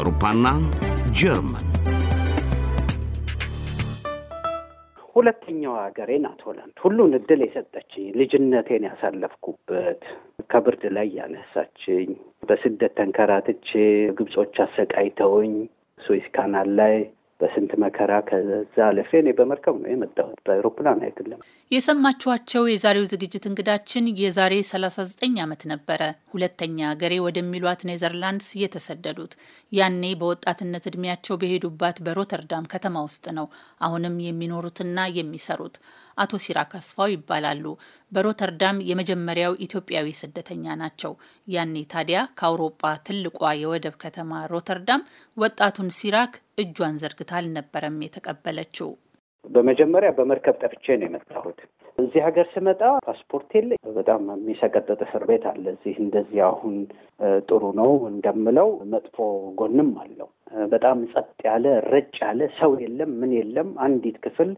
አውሮፓና ጀርመን ሁለተኛው ሀገሬ ናት ሆላንድ። ሁሉን እድል የሰጠችኝ፣ ልጅነቴን ያሳለፍኩበት፣ ከብርድ ላይ ያነሳችኝ፣ በስደት ተንከራትቼ ግብጾች አሰቃይተውኝ ስዊስ ካናል ላይ በስንት መከራ ከዛ አለፌ እኔ በመርከብ ነው የመጣሁት፣ በአይሮፕላን አይደለም። የሰማችኋቸው የዛሬው ዝግጅት እንግዳችን የዛሬ 39 ዓመት ነበረ ሁለተኛ ገሬ ወደሚሏት ኔዘርላንድስ የተሰደዱት። ያኔ በወጣትነት እድሜያቸው በሄዱባት በሮተርዳም ከተማ ውስጥ ነው አሁንም የሚኖሩትና የሚሰሩት። አቶ ሲራክ አስፋው ይባላሉ። በሮተርዳም የመጀመሪያው ኢትዮጵያዊ ስደተኛ ናቸው። ያኔ ታዲያ ከአውሮጳ ትልቋ የወደብ ከተማ ሮተርዳም ወጣቱን ሲራክ እጇን ዘርግታ አልነበረም የተቀበለችው። በመጀመሪያ በመርከብ ጠፍቼ ነው የመጣሁት። እዚህ ሀገር ስመጣ ፓስፖርት የለ። በጣም የሚሰቀጠጥ እስር ቤት አለ እዚህ። እንደዚህ አሁን ጥሩ ነው እንደምለው መጥፎ ጎንም አለው። በጣም ጸጥ ያለ ረጭ ያለ ሰው የለም፣ ምን የለም። አንዲት ክፍል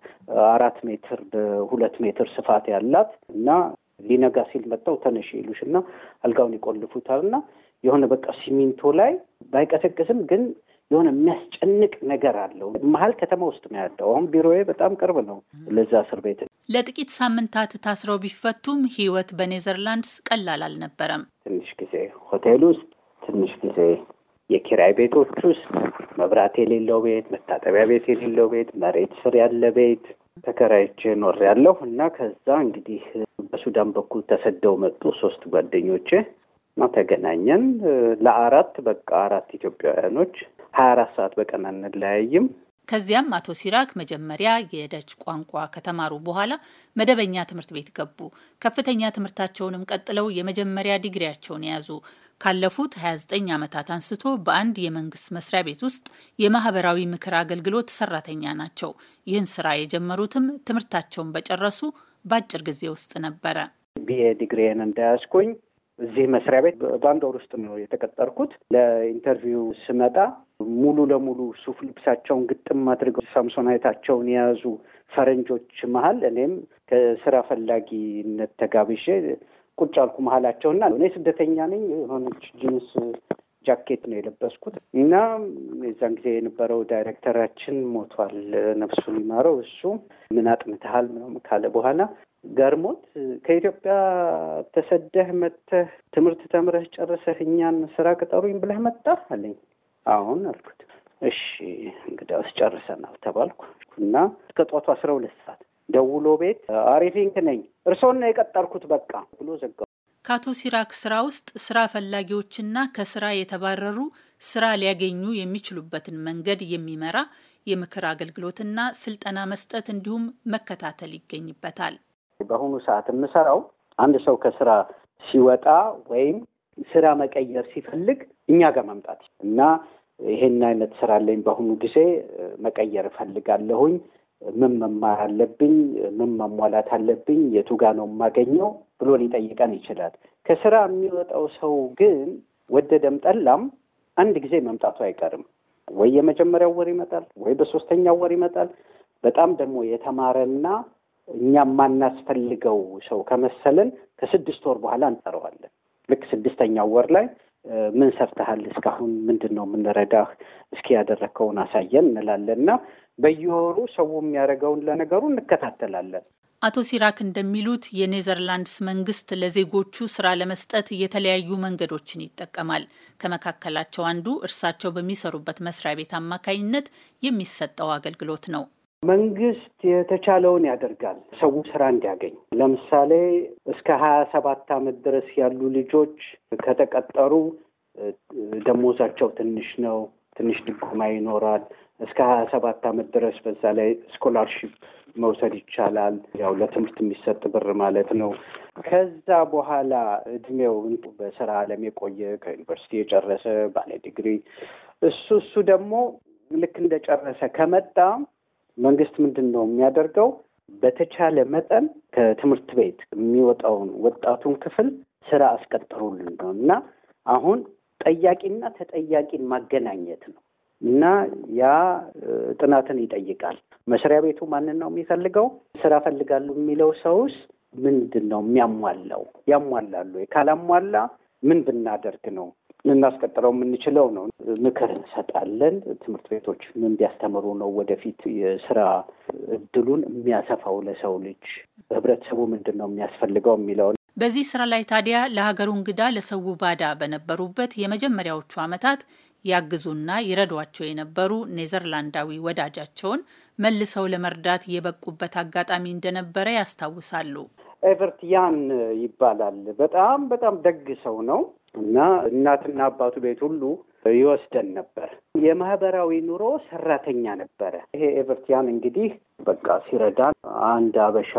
አራት ሜትር በሁለት ሜትር ስፋት ያላት እና ሊነጋ ሲል መጣው ተነሽ ይሉሽ እና አልጋውን ይቆልፉታል እና የሆነ በቃ ሲሚንቶ ላይ ባይቀሰቅስም ግን የሆነ የሚያስጨንቅ ነገር አለው። መሀል ከተማ ውስጥ ነው ያለው። አሁን ቢሮዬ በጣም ቅርብ ነው ለዛ እስር ቤት። ለጥቂት ሳምንታት ታስረው ቢፈቱም ህይወት በኔዘርላንድስ ቀላል አልነበረም። ትንሽ ጊዜ ሆቴል ውስጥ ትንሽ ጊዜ የኪራይ ቤቶች ውስጥ መብራት የሌለው ቤት፣ መታጠቢያ ቤት የሌለው ቤት፣ መሬት ስር ያለ ቤት ተከራይቼ ኖር ያለሁ እና ከዛ እንግዲህ በሱዳን በኩል ተሰደው መጡ ሶስት ጓደኞቼ እና ተገናኘን ለአራት በቃ አራት ኢትዮጵያውያኖች ሀያ አራት ሰዓት በቀን አንለያይም ከዚያም አቶ ሲራክ መጀመሪያ የደች ቋንቋ ከተማሩ በኋላ መደበኛ ትምህርት ቤት ገቡ። ከፍተኛ ትምህርታቸውንም ቀጥለው የመጀመሪያ ዲግሪያቸውን የያዙ ካለፉት 29 ዓመታት አንስቶ በአንድ የመንግስት መስሪያ ቤት ውስጥ የማህበራዊ ምክር አገልግሎት ሰራተኛ ናቸው። ይህን ስራ የጀመሩትም ትምህርታቸውን በጨረሱ በአጭር ጊዜ ውስጥ ነበረ። ቢኤ ዲግሪን እንዳያዝኩኝ እዚህ መስሪያ ቤት በአንድ ወር ውስጥ ነው የተቀጠርኩት። ለኢንተርቪው ስመጣ ሙሉ ለሙሉ ሱፍ ልብሳቸውን ግጥም አድርገው ሳምሶናይታቸውን የያዙ ፈረንጆች መሀል እኔም ከስራ ፈላጊነት ተጋብዤ ቁጭ አልኩ መሀላቸው እና እኔ ስደተኛ ነኝ። የሆነች ጂንስ ጃኬት ነው የለበስኩት እና የዛን ጊዜ የነበረው ዳይሬክተራችን ሞቷል፣ ነፍሱን ይማረው። እሱ ምን አጥንተሃል ምናምን ካለ በኋላ ገርሞት ከኢትዮጵያ ተሰደህ መጥተህ ትምህርት ተምረህ ጨርሰህ እኛን ስራ ቅጠሩኝ ብለህ መጣ አለኝ። አሁን አልኩት። እሺ እንግዲያውስ ጨርሰናል ተባልኩ እና እስከ ጠዋቱ አስራ ሁለት ሰዓት ደውሎ ቤት አሪፊንክ ነኝ እርሶን ነው የቀጠርኩት በቃ ብሎ ዘጋ። ከአቶ ሲራክ ስራ ውስጥ ስራ ፈላጊዎችና ከስራ የተባረሩ ስራ ሊያገኙ የሚችሉበትን መንገድ የሚመራ የምክር አገልግሎትና ስልጠና መስጠት እንዲሁም መከታተል ይገኝበታል። በአሁኑ ሰዓት የምሰራው አንድ ሰው ከስራ ሲወጣ ወይም ስራ መቀየር ሲፈልግ እኛ ጋር መምጣት እና ይሄን አይነት ስራ አለኝ በአሁኑ ጊዜ መቀየር እፈልጋለሁኝ። ምን መማር አለብኝ? ምን መሟላት አለብኝ? የቱ ጋ ነው የማገኘው ብሎ ሊጠይቀን ይችላል። ከስራ የሚወጣው ሰው ግን ወደደም ጠላም አንድ ጊዜ መምጣቱ አይቀርም። ወይ የመጀመሪያው ወር ይመጣል፣ ወይ በሶስተኛው ወር ይመጣል። በጣም ደግሞ የተማረና እኛ የማናስፈልገው ሰው ከመሰለን ከስድስት ወር በኋላ እንጠራዋለን። ልክ ስድስተኛው ወር ላይ ምን ሰርተሃል እስካሁን ምንድን ነው የምንረዳህ እስኪ ያደረግከውን አሳየን እንላለን እና በየወሩ ሰው የሚያደርገውን ለነገሩ እንከታተላለን አቶ ሲራክ እንደሚሉት የኔዘርላንድስ መንግስት ለዜጎቹ ስራ ለመስጠት የተለያዩ መንገዶችን ይጠቀማል። ከመካከላቸው አንዱ እርሳቸው በሚሰሩበት መስሪያ ቤት አማካኝነት የሚሰጠው አገልግሎት ነው። መንግስት የተቻለውን ያደርጋል ሰው ስራ እንዲያገኝ። ለምሳሌ እስከ ሀያ ሰባት አመት ድረስ ያሉ ልጆች ከተቀጠሩ ደሞዛቸው ትንሽ ነው። ትንሽ ድጎማ ይኖራል። እስከ ሀያ ሰባት ዓመት ድረስ በዛ ላይ ስኮላርሺፕ መውሰድ ይቻላል። ያው ለትምህርት የሚሰጥ ብር ማለት ነው። ከዛ በኋላ እድሜው በስራ አለም የቆየ ከዩኒቨርሲቲ የጨረሰ ባለ ዲግሪ እሱ እሱ ደግሞ ልክ እንደጨረሰ ከመጣ መንግስት ምንድን ነው የሚያደርገው? በተቻለ መጠን ከትምህርት ቤት የሚወጣውን ወጣቱን ክፍል ስራ አስቀጥሩልን ነው እና አሁን ጠያቂና ተጠያቂን ማገናኘት ነው እና ያ ጥናትን ይጠይቃል። መስሪያ ቤቱ ማንን ነው የሚፈልገው? ስራ ፈልጋሉ የሚለው ሰውስ ምንድን ነው የሚያሟላው? ያሟላሉ? ካላሟላ ምን ብናደርግ ነው ልናስቀጥለው የምንችለው ነው። ምክር እንሰጣለን። ትምህርት ቤቶች ምን ቢያስተምሩ ነው ወደፊት የስራ እድሉን የሚያሰፋው ለሰው ልጅ ህብረተሰቡ ምንድን ነው የሚያስፈልገው የሚለውን በዚህ ስራ ላይ ታዲያ ለሀገሩ እንግዳ ለሰው ባዳ በነበሩበት የመጀመሪያዎቹ ዓመታት ያግዙና ይረዷቸው የነበሩ ኔዘርላንዳዊ ወዳጃቸውን መልሰው ለመርዳት የበቁበት አጋጣሚ እንደነበረ ያስታውሳሉ። ኤቨርት ያን ይባላል። በጣም በጣም ደግ ሰው ነው። እና እናትና አባቱ ቤት ሁሉ ይወስደን ነበር። የማህበራዊ ኑሮ ሰራተኛ ነበረ። ይሄ ኤቨርቲያን እንግዲህ በቃ ሲረዳን አንድ አበሻ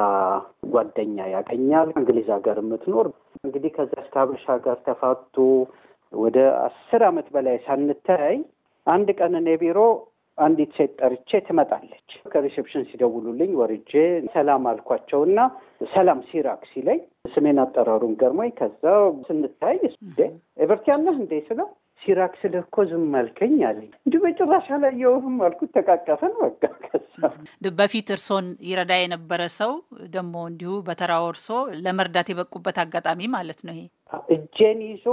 ጓደኛ ያገኛል፣ እንግሊዝ ሀገር የምትኖር እንግዲህ ከዛች ከአበሻ ጋር ተፋቱ። ወደ አስር አመት በላይ ሳንተያይ አንድ ቀን እኔ ቢሮ አንዲት ሴት ጠርቼ ትመጣለች። ከሪሴፕሽን ሲደውሉልኝ ወርጄ ሰላም አልኳቸው እና ሰላም ሲራክ ሲለኝ ስሜን አጠራሩን ገርሞኝ ከዛ ስንታይ ኤቨርቲያነህ እንዴ ስለው ሲራክ ስልህ እኮ ዝም አልከኝ አለኝ። እንዲሁ በጭራሽ አላየሁህም አልኩት። ተቃቀፈን በቃ። በፊት እርሶን ይረዳ የነበረ ሰው ደግሞ እንዲሁ በተራው እርሶ ለመርዳት የበቁበት አጋጣሚ ማለት ነው ይሄ እጄን ይዞ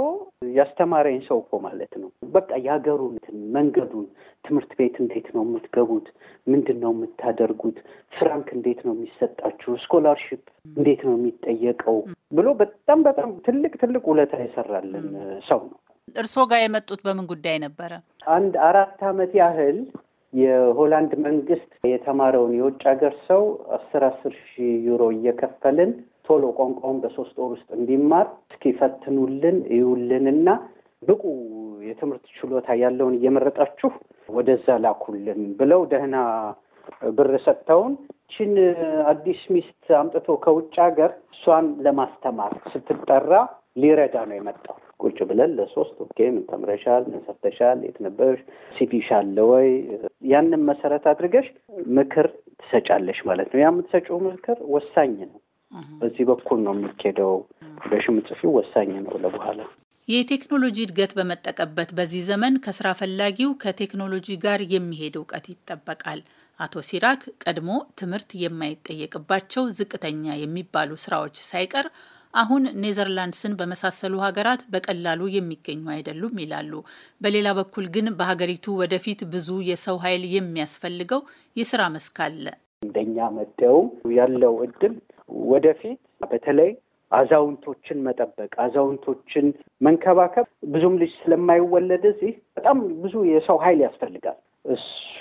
ያስተማረኝ ሰው እኮ ማለት ነው። በቃ የሀገሩትን መንገዱን፣ ትምህርት ቤት እንዴት ነው የምትገቡት? ምንድን ነው የምታደርጉት? ፍራንክ እንዴት ነው የሚሰጣችሁ? ስኮላርሽፕ እንዴት ነው የሚጠየቀው? ብሎ በጣም በጣም ትልቅ ትልቅ ውለታ የሰራልን ሰው ነው። እርስዎ ጋር የመጡት በምን ጉዳይ ነበረ? አንድ አራት ዓመት ያህል የሆላንድ መንግስት የተማረውን የውጭ ሀገር ሰው አስር አስር ሺ ዩሮ እየከፈልን ቶሎ ቋንቋውን በሶስት ወር ውስጥ እንዲማር እስኪፈትኑልን እዩልንና ብቁ የትምህርት ችሎታ ያለውን እየመረጣችሁ ወደዛ ላኩልን ብለው ደህና ብር ሰጥተውን ችን አዲስ ሚስት አምጥቶ ከውጭ ሀገር እሷን ለማስተማር ስትጠራ ሊረዳ ነው የመጣው። ቁጭ ብለን ለሶስት ኦኬ፣ ምን ተምረሻል? ምን ሰርተሻል? የት ነበርሽ? ሲቪሽ አለ ወይ? ያንን መሰረት አድርገሽ ምክር ትሰጫለሽ ማለት ነው። ያ የምትሰጪው ምክር ወሳኝ ነው። በዚህ በኩል ነው የሚኬደው ብለሽ ወሳኝ ነው ለበኋላ የቴክኖሎጂ እድገት በመጠቀበት በዚህ ዘመን ከስራ ፈላጊው ከቴክኖሎጂ ጋር የሚሄድ እውቀት ይጠበቃል። አቶ ሲራክ ቀድሞ ትምህርት የማይጠየቅባቸው ዝቅተኛ የሚባሉ ስራዎች ሳይቀር አሁን ኔዘርላንድስን በመሳሰሉ ሀገራት በቀላሉ የሚገኙ አይደሉም ይላሉ። በሌላ በኩል ግን በሀገሪቱ ወደፊት ብዙ የሰው ኃይል የሚያስፈልገው የስራ መስክ አለ። እንደኛ መደው ያለው እድል ወደፊት በተለይ አዛውንቶችን መጠበቅ፣ አዛውንቶችን መንከባከብ ብዙም ልጅ ስለማይወለድ እዚህ በጣም ብዙ የሰው ኃይል ያስፈልጋል። እሱ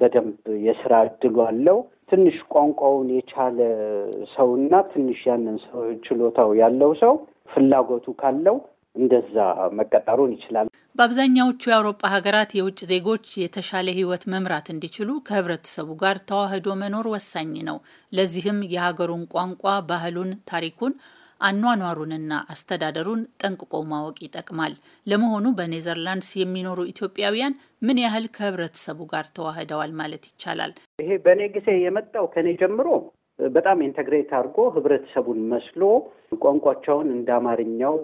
በደንብ የስራ እድሉ አለው። ትንሽ ቋንቋውን የቻለ እና ትንሽ ያንን ሰው ችሎታው ያለው ሰው ፍላጎቱ ካለው እንደዛ መቀጠሩን ይችላል። በአብዛኛዎቹ የአውሮፓ ሀገራት የውጭ ዜጎች የተሻለ ሕይወት መምራት እንዲችሉ ከህብረተሰቡ ጋር ተዋህዶ መኖር ወሳኝ ነው። ለዚህም የሀገሩን ቋንቋ፣ ባህሉን፣ ታሪኩን አኗኗሩንና አስተዳደሩን ጠንቅቆ ማወቅ ይጠቅማል። ለመሆኑ በኔዘርላንድስ የሚኖሩ ኢትዮጵያውያን ምን ያህል ከህብረተሰቡ ጋር ተዋህደዋል ማለት ይቻላል? ይሄ በእኔ ጊዜ የመጣው ከኔ ጀምሮ በጣም ኢንተግሬት አድርጎ ህብረተሰቡን መስሎ ቋንቋቸውን እንደ አማርኛው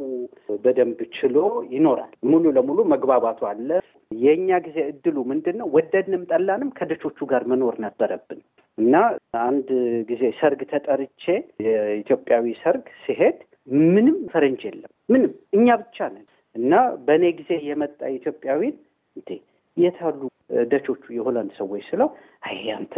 በደንብ ችሎ ይኖራል። ሙሉ ለሙሉ መግባባቱ አለ። የእኛ ጊዜ እድሉ ምንድን ነው? ወደድንም ጠላንም ከደቾቹ ጋር መኖር ነበረብን እና አንድ ጊዜ ሰርግ ተጠርቼ የኢትዮጵያዊ ሰርግ ሲሄድ ምንም ፈረንጅ የለም፣ ምንም እኛ ብቻ ነን እና በእኔ ጊዜ የመጣ ኢትዮጵያዊን እንዴ የት አሉ ደቾቹ የሆላንድ ሰዎች ስለው፣ አይ አንተ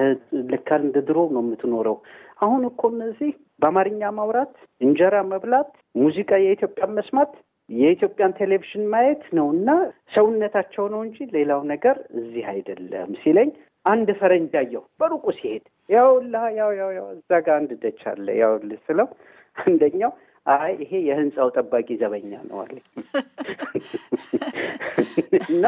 ልካል እንደ ድሮ ነው የምትኖረው አሁን እኮ እነዚህ በአማርኛ ማውራት፣ እንጀራ መብላት፣ ሙዚቃ የኢትዮጵያን መስማት፣ የኢትዮጵያን ቴሌቪዥን ማየት ነው እና ሰውነታቸው ነው እንጂ ሌላው ነገር እዚህ አይደለም ሲለኝ አንድ ፈረንጅ አየሁ በሩቁ ሲሄድ ያውላ ያው ያው ያው እዛ ጋር አንድ ደች አለ ያውል ስለው አንደኛው አይ ይሄ የህንፃው ጠባቂ ዘበኛ ነው አለ እና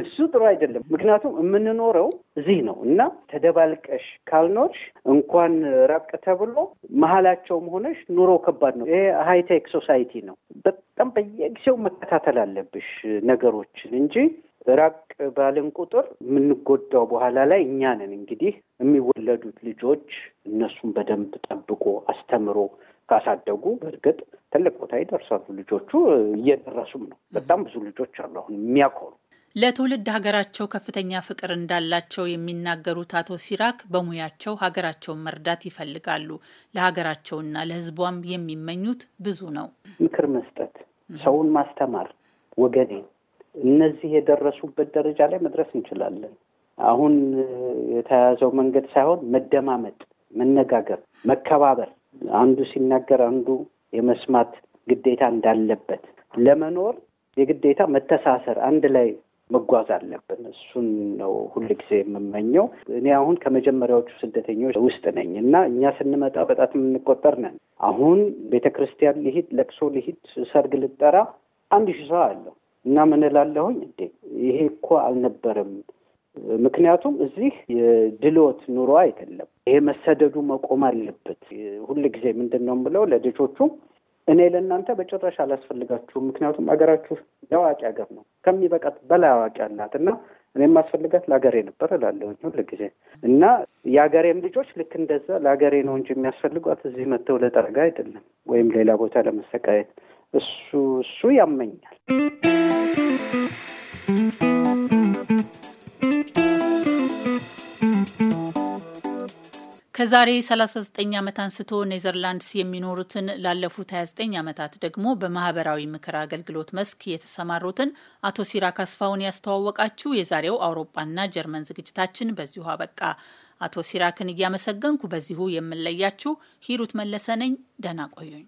እሱ ጥሩ አይደለም። ምክንያቱም የምንኖረው እዚህ ነው እና ተደባልቀሽ ካልኖች እንኳን ራቅ ተብሎ መሀላቸውም ሆነሽ ኑሮ ከባድ ነው። ይሄ ሃይቴክ ሶሳይቲ ነው። በጣም በየጊዜው መከታተል አለብሽ ነገሮችን እንጂ ራቅ ባልን ቁጥር የምንጎዳው በኋላ ላይ እኛ ነን። እንግዲህ የሚወለዱት ልጆች እነሱን በደንብ ጠብቆ አስተምሮ ካሳደጉ በእርግጥ ትልቅ ቦታ ይደርሳሉ። ልጆቹ እየደረሱም ነው። በጣም ብዙ ልጆች አሉ አሁን የሚያኮሩ ለትውልድ ሀገራቸው ከፍተኛ ፍቅር እንዳላቸው የሚናገሩት አቶ ሲራክ በሙያቸው ሀገራቸውን መርዳት ይፈልጋሉ። ለሀገራቸውና ለሕዝቧም የሚመኙት ብዙ ነው። ምክር መስጠት፣ ሰውን ማስተማር፣ ወገኔ እነዚህ የደረሱበት ደረጃ ላይ መድረስ እንችላለን። አሁን የተያዘው መንገድ ሳይሆን መደማመጥ፣ መነጋገር፣ መከባበር አንዱ ሲናገር አንዱ የመስማት ግዴታ እንዳለበት ለመኖር የግዴታ መተሳሰር፣ አንድ ላይ መጓዝ አለብን። እሱን ነው ጊዜ የምመኘው። እኔ አሁን ከመጀመሪያዎቹ ስደተኞች ውስጥ ነኝ እና እኛ ስንመጣ በጣት የምንቆጠር ነን። አሁን ቤተ ክርስቲያን ልሂድ፣ ለቅሶ ልሂድ፣ ሰርግ ልጠራ አንድ ሺ ሰው አለው እና ምን እላለሁኝ እንዴ ይሄ እኮ አልነበረም። ምክንያቱም እዚህ የድሎት ኑሮ አይደለም ይሄ መሰደዱ መቆም አለበት። ሁል ጊዜ ምንድን ነው የምለው ለልጆቹ እኔ ለእናንተ በጭራሽ አላስፈልጋችሁም፣ ምክንያቱም ሀገራችሁ የአዋቂ ሀገር ነው ከሚበቃት በላይ አዋቂ አላት እና እኔ የማስፈልጋት ለሀገሬ ነበር እላለሁኝ ሁል ጊዜ እና የሀገሬም ልጆች ልክ እንደዛ ለሀገሬ ነው እንጂ የሚያስፈልጓት እዚህ መጥተው ለጠረጋ አይደለም ወይም ሌላ ቦታ ለመሰቃየት። እሱ እሱ ያመኛል። ከዛሬ 39 ዓመት አንስቶ ኔዘርላንድስ የሚኖሩትን ላለፉት 29 ዓመታት ደግሞ በማህበራዊ ምክር አገልግሎት መስክ የተሰማሩትን አቶ ሲራክ አስፋውን ያስተዋወቃችሁ የዛሬው አውሮፓና ጀርመን ዝግጅታችን በዚሁ አበቃ። አቶ ሲራክን እያመሰገንኩ በዚሁ የምለያችሁ ሂሩት መለሰ ነኝ። ደህና ቆዩኝ።